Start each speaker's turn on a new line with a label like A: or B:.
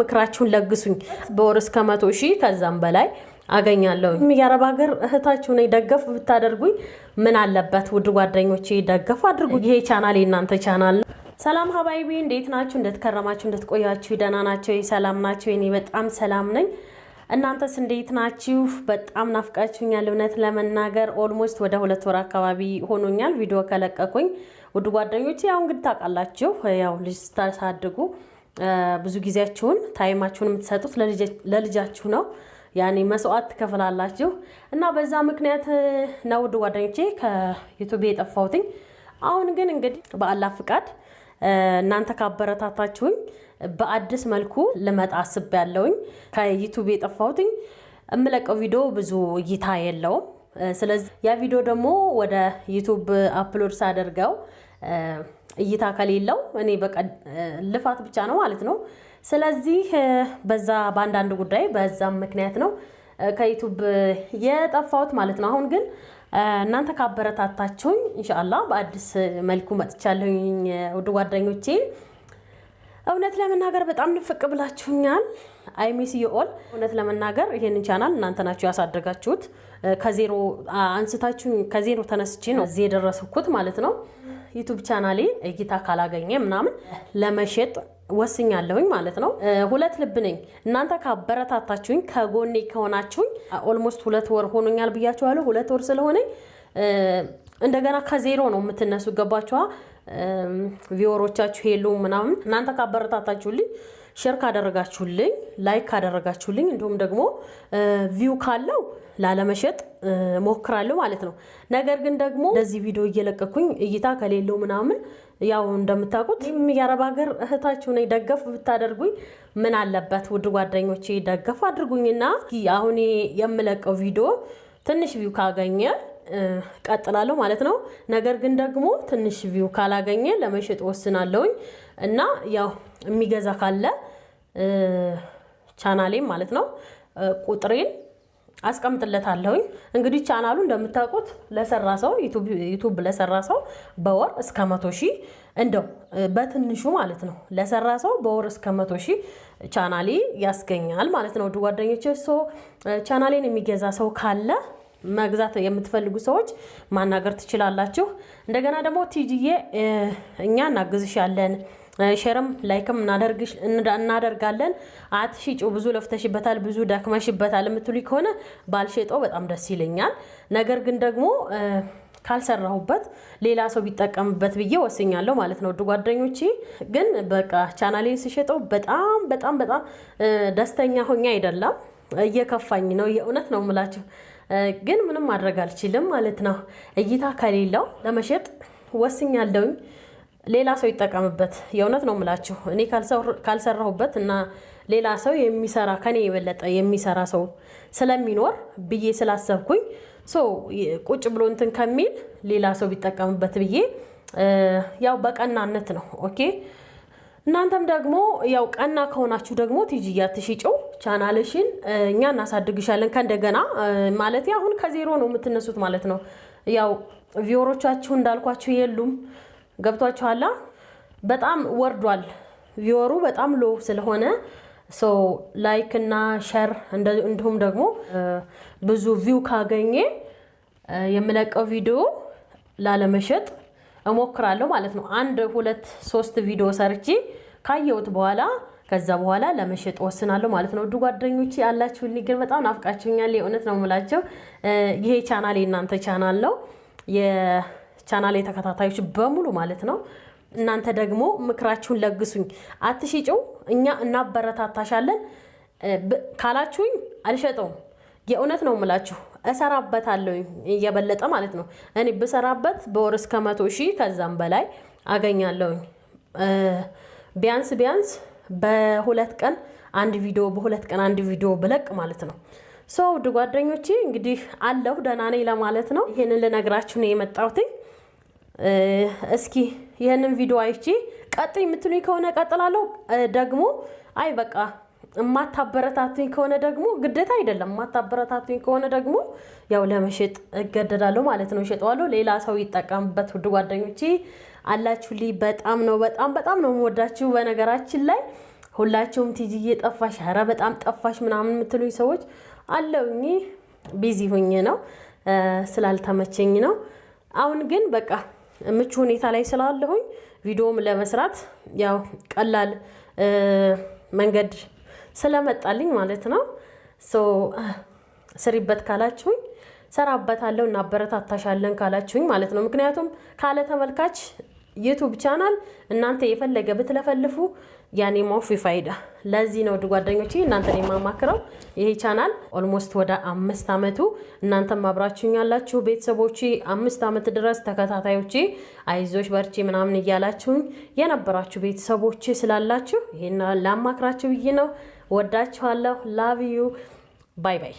A: ምክራችሁን ለግሱኝ። በወር እስከ መቶ ሺህ ከዛም በላይ አገኛለሁ። የአረብ ሀገር እህታችሁ ነኝ። ደገፍ ብታደርጉኝ ምን አለበት? ውድ ጓደኞች ደገፉ አድርጉ። ይሄ ቻናል የእናንተ ቻናል ነው። ሰላም ሀባይቢ፣ እንዴት ናችሁ? እንደትከረማችሁ እንደትቆያችሁ፣ ደህና ናቸው? ሰላም ናቸው? እኔ በጣም ሰላም ነኝ። እናንተስ እንዴት ናችሁ? በጣም ናፍቃችሁኛል። እውነት ለመናገር ኦልሞስት ወደ ሁለት ወር አካባቢ ሆኖኛል ቪዲዮ ከለቀኩኝ። ውድ ጓደኞች ያው እንግዲህ ታውቃላችሁ፣ ያው ልጅ ስታሳድጉ ብዙ ጊዜያችሁን ታይማችሁን የምትሰጡት ለልጃችሁ ነው። ያኔ መስዋዕት ትከፍላላችሁ እና በዛ ምክንያት ነው ውድ ጓደኞቼ ከዩቱብ የጠፋሁትኝ። አሁን ግን እንግዲህ በአላህ ፍቃድ እናንተ ካበረታታችሁኝ በአዲስ መልኩ ልመጣ ያለውኝ ከዩቱብ የጠፋሁትኝ የምለቀው ቪዲዮ ብዙ እይታ የለውም። ስለዚህ ያ ቪዲዮ ደግሞ ወደ ዩቱብ አፕሎድ ሳደርገው እይታ ከሌለው እኔ በቃ ልፋት ብቻ ነው ማለት ነው። ስለዚህ በዛ በአንዳንድ ጉዳይ በዛም ምክንያት ነው ከዩቱብ የጠፋሁት ማለት ነው። አሁን ግን እናንተ ካበረታታችሁኝ እንሻላ በአዲስ መልኩ መጥቻለሁኝ። ውድ ጓደኞቼ እውነት ለመናገር በጣም ንፍቅ ብላችሁኛል። አይሚስ ሚስ እውነት ለመናገር ይሄንን ቻናል እናንተ ናችሁ ያሳደጋችሁት። ከዜሮ አንስታችሁ ከዜሮ ተነስቼ ነው እዚህ የደረስኩት ማለት ነው። ዩቱብ ቻናሌ እይታ ካላገኘ ምናምን ለመሸጥ ወስኛለሁኝ ማለት ነው። ሁለት ልብ ነኝ። እናንተ ካበረታታችሁኝ ከጎኔ ከሆናችሁኝ ኦልሞስት ሁለት ወር ሆኖኛል ብያችኋለሁ። ሁለት ወር ስለሆነኝ እንደገና ከዜሮ ነው የምትነሱ። ገባችኋ? ቪወሮቻችሁ የሉም ምናምን እናንተ ካበረታታችሁልኝ ሼር ካደረጋችሁልኝ፣ ላይክ ካደረጋችሁልኝ እንዲሁም ደግሞ ቪው ካለው ላለመሸጥ ሞክራለሁ ማለት ነው። ነገር ግን ደግሞ ለዚህ ቪዲዮ እየለቀኩኝ እይታ ከሌለው ምናምን ያው እንደምታውቁት የአረብ ሀገር እህታችሁ ነኝ። ደገፍ ብታደርጉኝ ምን አለበት? ውድ ጓደኞቼ ደገፍ አድርጉኝና አሁን የምለቀው ቪዲዮ ትንሽ ቪው ካገኘ ቀጥላለሁ ማለት ነው። ነገር ግን ደግሞ ትንሽ ቪው ካላገኘ ለመሸጥ ወስናለሁኝ እና ያው የሚገዛ ካለ ቻናሌም ማለት ነው ቁጥሬን አስቀምጥለታለሁኝ። እንግዲህ ቻናሉ እንደምታውቁት ለሰራ ሰው ዩቱብ ለሰራ ሰው በወር እስከ መቶ ሺህ እንደው በትንሹ ማለት ነው ለሰራ ሰው በወር እስከ መቶ ሺህ ቻናሌ ያስገኛል ማለት ነው። ውድ ጓደኞች ሶ ቻናሌን የሚገዛ ሰው ካለ መግዛት የምትፈልጉ ሰዎች ማናገር ትችላላችሁ። እንደገና ደግሞ ቲጂዬ እኛ እናግዝሻለን ሼርም ላይክም እናደርጋለን። አትሽጩ። ብዙ ለፍተሽበታል፣ ብዙ ደክመሽበታል የምትሉ ከሆነ ባልሸጠው በጣም ደስ ይለኛል። ነገር ግን ደግሞ ካልሰራሁበት ሌላ ሰው ቢጠቀምበት ብዬ ወስኛለሁ ማለት ነው። ውድ ጓደኞቼ ግን በቃ ቻናሌን ስሸጠው በጣም በጣም በጣም ደስተኛ ሆኜ አይደለም፣ እየከፋኝ ነው። የእውነት ነው የምላችሁ። ግን ምንም ማድረግ አልችልም ማለት ነው። እይታ ከሌለው ለመሸጥ ወስኛለሁኝ። ሌላ ሰው ይጠቀምበት። የእውነት ነው የምላችሁ እኔ ካልሰራሁበት እና ሌላ ሰው የሚሰራ ከኔ የበለጠ የሚሰራ ሰው ስለሚኖር ብዬ ስላሰብኩኝ ቁጭ ብሎ እንትን ከሚል ሌላ ሰው ቢጠቀምበት ብዬ ያው በቀናነት ነው። ኦኬ እናንተም ደግሞ ያው ቀና ከሆናችሁ ደግሞ ቲጂያ ትሽጭው ቻናልሽን እኛ እናሳድግሻለን ከእንደገና ማለት አሁን ከዜሮ ነው የምትነሱት ማለት ነው። ያው ቪወሮቻችሁ እንዳልኳችሁ የሉም ገብቷችኋላ? በጣም ወርዷል። ቪወሩ በጣም ሎ ስለሆነ ሶ ላይክ እና ሸር እንዲሁም ደግሞ ብዙ ቪው ካገኘ የምለቀው ቪዲዮ ላለመሸጥ እሞክራለሁ ማለት ነው። አንድ ሁለት ሶስት ቪዲዮ ሰርቺ ካየሁት በኋላ ከዛ በኋላ ለመሸጥ ወስናለሁ ማለት ነው። ውድ ጓደኞቼ ያላችሁልኝ ግን በጣም ናፍቃችሁኛል። የእውነት ነው የምላቸው። ይሄ ቻናል የእናንተ ቻናል ነው። ቻናሌ ተከታታዮች በሙሉ ማለት ነው። እናንተ ደግሞ ምክራችሁን ለግሱኝ። አትሽጭው፣ እኛ እናበረታታሻለን ካላችሁኝ አልሸጠውም። የእውነት ነው የምላችሁ እሰራበታለሁ እየበለጠ ማለት ነው። እኔ ብሰራበት በወር እስከ መቶ ሺህ ከዛም በላይ አገኛለሁኝ። ቢያንስ ቢያንስ በሁለት ቀን አንድ ቪዲዮ በሁለት ቀን አንድ ቪዲዮ ብለቅ ማለት ነው። ሰው ውድ ጓደኞቼ እንግዲህ አለሁ ደህና ነኝ ለማለት ነው። ይህንን ልነግራችሁ ነው የመጣሁትኝ። እስኪ ይህንን ቪዲዮ አይቼ ቀጥ የምትሉኝ ከሆነ ቀጥላለሁ። ደግሞ አይ በቃ የማታበረታቱኝ ከሆነ ደግሞ ግዴታ አይደለም። የማታበረታቱኝ ከሆነ ደግሞ ያው ለመሸጥ እገደዳለሁ ማለት ነው። እሸጠዋለሁ፣ ሌላ ሰው ይጠቀምበት። ውድ ጓደኞቼ አላችሁልኝ። በጣም ነው በጣም በጣም ነው የምወዳችሁ። በነገራችን ላይ ሁላችሁም ቲጂዬ ጠፋሽ፣ ኧረ በጣም ጠፋሽ ምናምን የምትሉኝ ሰዎች አለውኝ። ቢዚ ሁኜ ነው ስላልተመቸኝ ነው። አሁን ግን በቃ ምቹ ሁኔታ ላይ ስላለሁኝ ቪዲዮም ለመስራት ያው ቀላል መንገድ ስለመጣልኝ ማለት ነው። ስሪበት ካላችሁኝ ሰራበታለሁ፣ እናበረታታሻለን ካላችሁኝ ማለት ነው። ምክንያቱም ካለ ተመልካች ዩቱብ ቻናል እናንተ የፈለገ ብትለፈልፉ ያኔ ሞፍ ይፋይዳ። ለዚህ ነው ውድ ጓደኞቼ የማማክረው። ይሄ ቻናል ኦልሞስት ወደ አምስት ዓመቱ እናንተም አብራችሁኝ ያላችሁ ቤተሰቦች አምስት ዓመት ድረስ ተከታታዮች አይዞች በርቼ ምናምን እያላችሁኝ የነበራችሁ ቤተሰቦች ስላላችሁ ይሄን ላማክራችሁ ብዬ ነው። ወዳችኋለሁ። ላቭ ዩ ባይ ባይ።